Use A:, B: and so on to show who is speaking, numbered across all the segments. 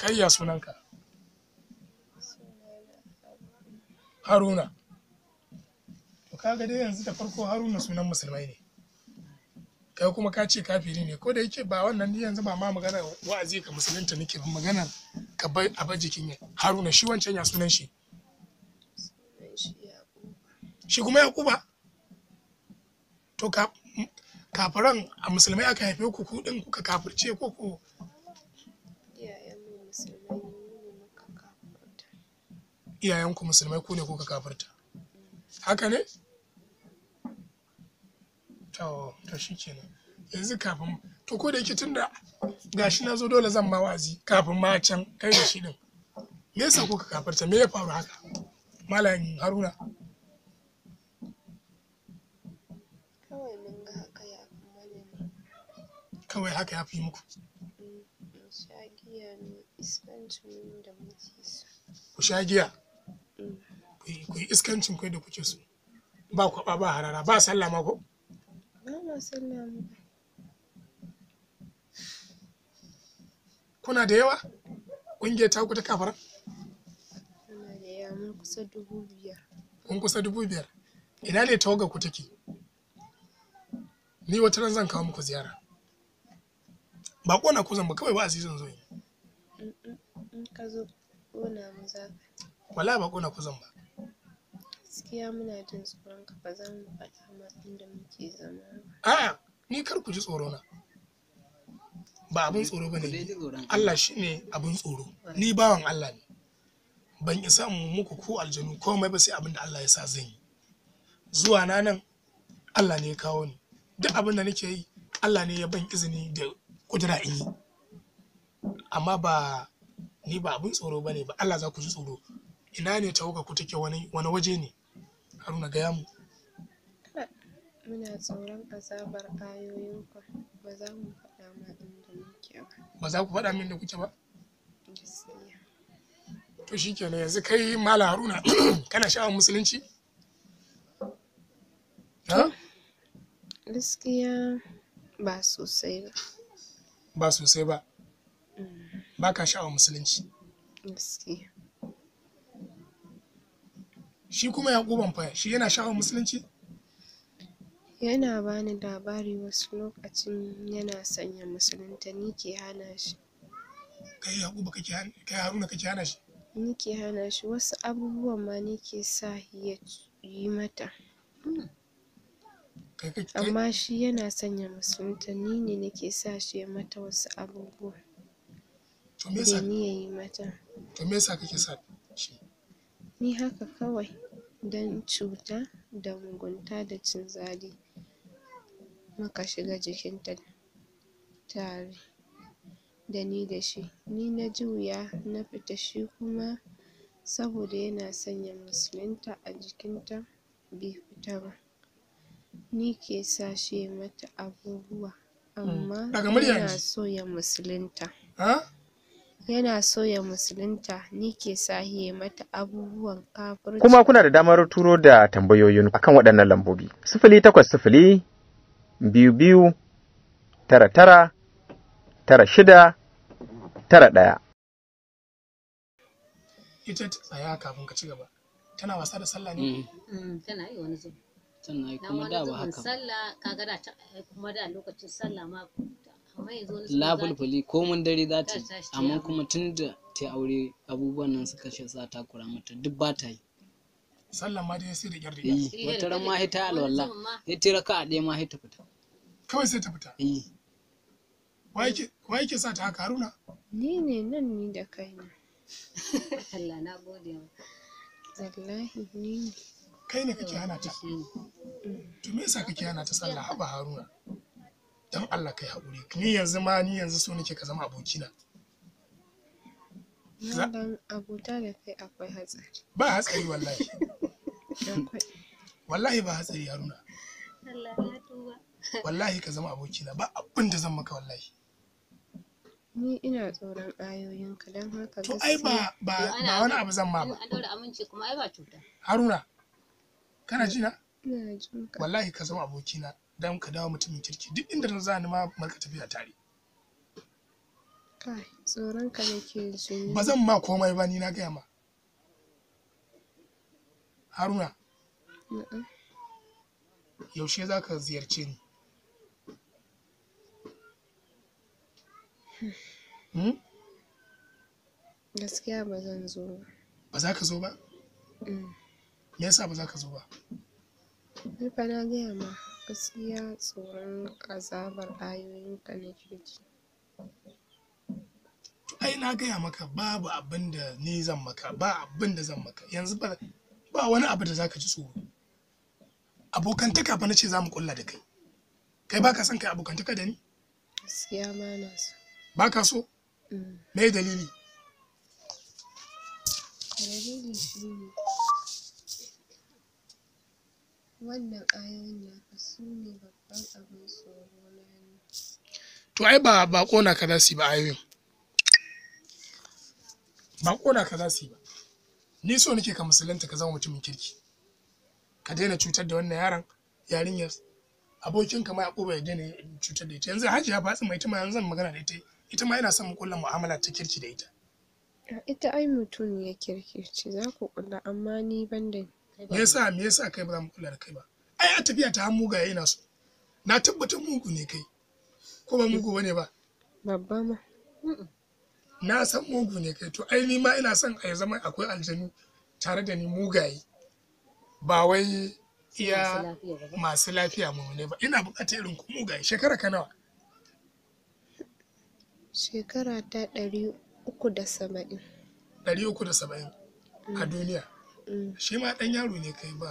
A: kaiya sunanka haruna to kaga dai yanzu da farko haruna sunan musulmai ne kai kuma ka ce kafiri ne ko da yake ba wannan ni yanzu ba ma magana wa'azi ka musulunta nake ba magana ka bai a bar jikin haruna shi wancan ya sunan shi shi kuma ya kuba to kafiran a musulmai aka haife ku kudin kuka kafirce ko ku iyayenku musulmai ku ne kuka kafirta haka ne to to shikenan yanzu kafin to ko da yake tunda gashi na zo dole zan ma wazi kafin ma can kai da shi din me yasa kuka kafirta me ya faru haka malam haruna kawai haka ya fi muku mm, ku sha giya Kuyi iskancin kai da kuke so ba kwaba ba harara ba sallah ma ko kuna da yawa ƙungiyar ta ta kafara
B: mun kusa dubu biyar
A: kun kusa dubu biyar ina ne tawaga ku take ni wata ran zan kawo muku ziyara ba kona ku zan ba kawai ba azizan zo yi mm,
B: mm, in ka zo mu za
A: wala ba kona ku zan ba
B: gaskiya muna jin tsoron ka ba za mu faɗa ma inda muke
A: zama ba a'a ni kar ku ji tsoro na ba abin tsoro ba ne Allah shi ne abin tsoro ni bawan Allah ne ban isa mu muku ko aljanu komai ba sai abin da Allah ya sa zan yi zuwa na nan Allah ne ya kawo ni duk abin da nake yi Allah ne ya ban izini da kudura in yi amma ba ni ba abin tsoro ba ne ba Allah za ku ji tsoro ina ne wuka ku take wani waje ne Haruna gaya mu.
B: Muna tsoron azabar ayoyinku ba za mu faɗa ma
A: inda muke ba. Ba za ku faɗa min da kuke ba? To shi kenan yanzu kai mala Haruna kana sha'awar musulunci? Gaskiya
B: ba sosai ba.
A: Ba sosai ba. Mm. Ba ka sha'awar musulunci? Gaskiya. shi kuma yaƙuban fa shi yana sha'awar musulunci yana bani
B: labari wasu lokacin yana sanya musulunta ni ke hana shi
A: kai yaƙuba kake kai haruna kake hana shi
B: ni ke hana shi wasu abubuwan ma ni ke sa ya yi mata amma shi yana sanya musulunta ni ne nake sa shi ya mata wasu abubuwa da ni ya yi mata
A: to me yasa kake sa shi
B: ni haka kawai don cuta da mugunta da cin zali muka shiga jikinta tare da ni da shi ni na juya na fita shi kuma saboda yana son ya musulunta a jikinta bai fita ba ni ke sa shi ya mata abubuwa hmm. amma ina so ya musulunta yana so ya musulunta ni ke sahiye mata abubuwan kafirci kuma
A: kuna da damar turo da tambayoyin akan waɗannan lambobi sifili takwas sifili biyu biyu tara tara tara shida tara ɗaya ko mun dare za ta amma kuma tun da ta aure abubuwan nan suka shi sa ta kura mata duk ba ta yi sallan ma dai sai da kyar eh, riga wata ran ma ta alwala ya tira ka a ɗaya ma ta fita kawai sai ta fita eh wai ke sa ta haka haruna ni ne nan ni da kaina Allah na gode wa wallahi ni ne kai ne kake hana ta to me yasa kake hana ta sallah haba haruna don Allah kai haƙuri ni yanzu ma ni yanzu so nake ka zama abokina
B: abota da kai akwai hatsari
A: ba hatsari wallahi wallahi ba hatsari haruna wallahi ka zama abokina ba abin da zan maka wallahi
B: ni ina tsoron ka dan haka to ai ba ba ba wani abu zan ma ba an daura aminci kuma ai ba cuta
A: haruna kana ji na wallahi ka zama abokina dan ka dawo mutumin kirki duk inda na zani ma marka tafiya tare kai tsoron ka nake ji ba zan ma komai ba ni na gaya ma haruna yaushe za ka ziyarce ni hmm?
B: gaskiya ba zan zo ba
A: ba za ka zo ba mm. me yasa ba za ka zo ba
B: ni fa na gaya ma Gaskiya tsoron azabar ayoyinka ke ji.
A: Ai na gaya maka babu abin da ni zan maka, ba abin da zan maka. Yanzu ba ba wani abu da zaka ji tsoro. Abokantaka fa nace za mu kulla da kai. Kai baka son kai abokantaka da ni?
B: Gaskiya ma na so. Baka so? Mm. Me dalili? Dalili shi ne. wannan ayoyin naka su ne babban abin tsoro na ni
A: to ai ba ba kona ka za su yi ba ayoyin ba kona ka za su yi ba ni so nake ka musulunta ka zama mutumin kirki ka daina cutar da wannan yaron ya abokin ka ma ya ya daina cutar da ita yanzu hajiya ba mai ita ma yanzu magana da ita ita ma yana son mu kulla mu'amala ta kirki da ita
B: ita ai mutum ya kirkirci za ku kulla amma ni ban da
A: me yasa me yasa kai ba za mu kula da kai ba ai a tafiya ta hannu ga yana so na tabbatar mugu ne kai ko ba mugu bane ba babba ma na san mugu ne kai to ai ni ma ina son a zama akwai aljanu tare da ni mugaye ba wai iya masu lafiya mu ne ba ina bukatar irin ku mugaye shekara ka nawa
B: shekara ta ɗari uku da saba'in
A: ɗari uku da saba'in a duniya Mm. shi ma ɗan yaro ne kai ba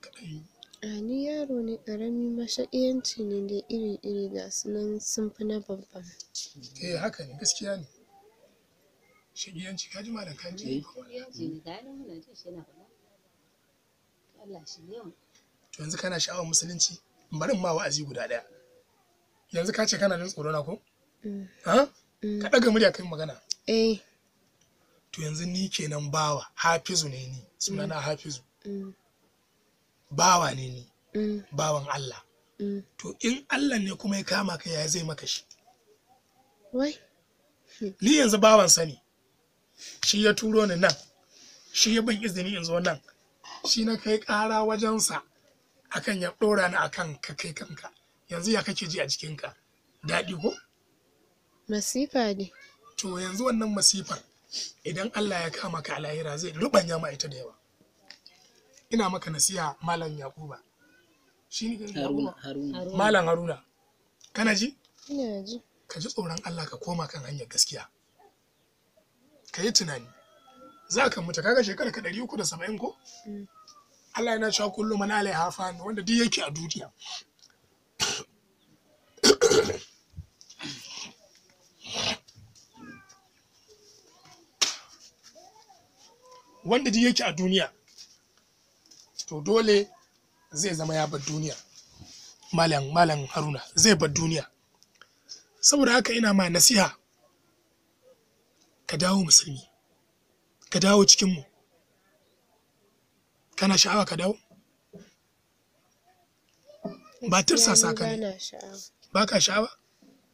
A: kaɗan
B: a ni yaro ne ƙarami mashaƙiyanci ne da iri-iri ga su nan sun fi na babba
A: eh haka ne gaskiya ne shaƙiyanci ka ji da ka ji to yanzu kana sha'awar musulunci bari ma wa'azi guda ɗaya yanzu ka ce kana jin tsoro na ko mm. ha mm. ka ɗaga murya kai magana eh to yanzu ni kenan bawa hafizu ne ni sunana hafizu mm. bawa ne ni mm. bawan Allah mm. to in Allah ne kuma ya kama ka ya zai maka shi wai ni yanzu bawan sani shi ya turo ni nan shi ya bin izini in zo nan shi na kai ƙara wajensa akan ya ɗora ni akan ka kai kanka yanzu ya kake ji a jikinka daɗi ko masifa ne to yanzu wannan masifar idan Allah ya kama ka alahira zai rubanya ma ita da yawa ina maka nasiha malam yakuba shi ne malam haruna kana ji ka ji tsoron Allah ka koma kan hanyar gaskiya ka yi tunani za ka mutu kaga shekara ka ɗari uku da saba'in ko mm. Allah yana cewa kullum mana alaiha fa wanda duk yake a duniya wanda duk yake a duniya to dole zai zama ya bar duniya malam malam haruna zai bar duniya saboda haka ina ma nasiha ka dawo musulmi ka dawo cikinmu kana sha'awa ka dawo ba tirsasa ka ne ba ka sha'awa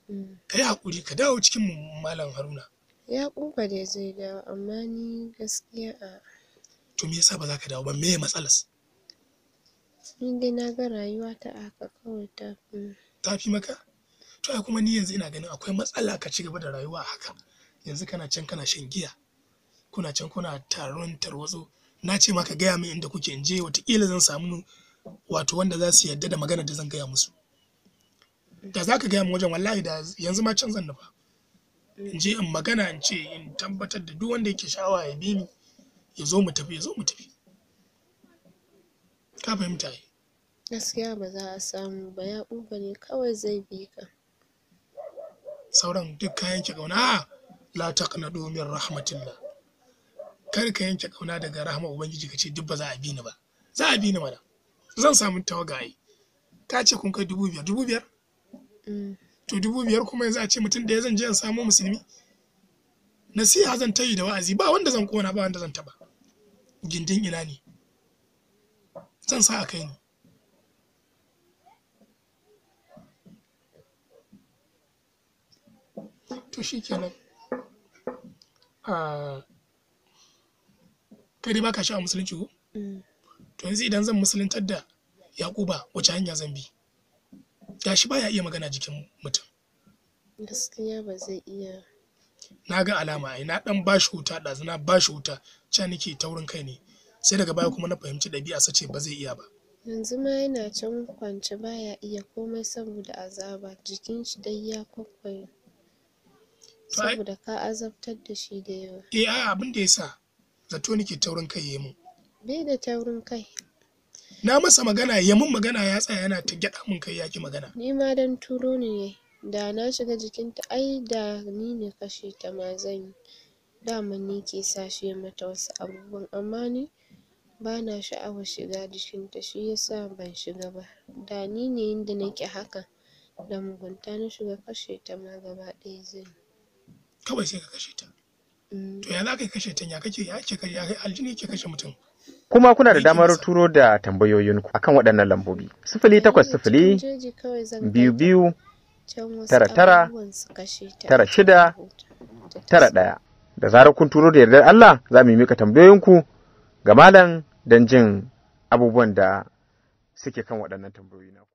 A: mm. ka yi haƙuri ka dawo cikinmu malam haruna Ya
B: Yakuba dai zai dawo amma ni gaskiya a
A: To me yasa ba za ka dawo ba? me ya matsalas?
B: Ni dai na ga rayuwa ta haka kawai ta fi
A: Ta fi maka? To ai kuma ni yanzu ina ganin akwai matsala ka cigaba da rayuwa a haka. Yanzu kana can kana shan giya. Kuna can kuna taron tarwazo Na ce maka gaya min inda kuke in je watakila zan samu wato wanda za su yarda da magana da zan gaya musu. Da za ka gaya min wajen wallahi da yanzu ma can zan nufa. in je in magana in ce in tabbatar da duk wanda yake sha'awa ya bi ni ya zo mu tafi ya zo mu tafi ka fahimta yi
B: gaskiya ba za a samu ba ya uba ne kawai
A: zai bi ka sauran duk ka yanke kauna la na min rahmatillah kar ka yanke kauna daga rahama ubangiji ka ce duk ba za a bi ni ba za a bi ni mana zan samu tawagaye ka ce kun kai dubu biyar dubu biyar mm. to dubu biyar kuma yanzu a ce mutum da ya zan je in samo musulmi nasiha zan ta yi da wa'azi ba wanda zan kona ba wanda zan taba gindin ina ne zan sa a kai ne to shi kenan ah, kai dai baka sha a musulunci ko mm. to yanzu idan zan musuluntar da yakuba wace hanya zan bi gashi baya iya magana jikin mutum
B: gaskiya ba zai iya
A: na ga alama ai na dan bashi wuta ɗazu bashi wuta can nake taurin kai ne sai daga baya kuma na fahimci ɗabi'a sace ba zai iya ba
B: yanzu ma yana can kwance baya iya komai saboda azaba jikin shi dai ya kwakwaye saboda ka azabtar da shi da yawa
A: eh a'a abin da yasa zato nake taurin kai yemu mu
B: bai da taurin kai
A: na masa magana ya mun magana ya tsaya yana ta gyada mun kai yaki magana
B: ni ma dan turo ne da na shiga jikinta ai da ni ne kashe ta ma zan yi dama ni ke sashe mata wasu abubuwan amma ni na sha'awar shiga jikinta shi yasa ban shiga ba da ni ne inda nake haka
A: da mugunta na shiga kashe ta ma gaba ɗaya zan yi kawai sai ka kashe ta mm. to ya za ka kashe ta ya kake ya ke ya aljini ke kashe mutum kuma kuna da damar turo da tambayoyinku akan waɗannan lambobi sifili takwas sifili biyu biyu tara tara tara shida tara ɗaya da zarar kun turo da yardar Allah za mu yi mika tambayoyinku ga malam don jin abubuwan da suke kan waɗannan tambayoyi na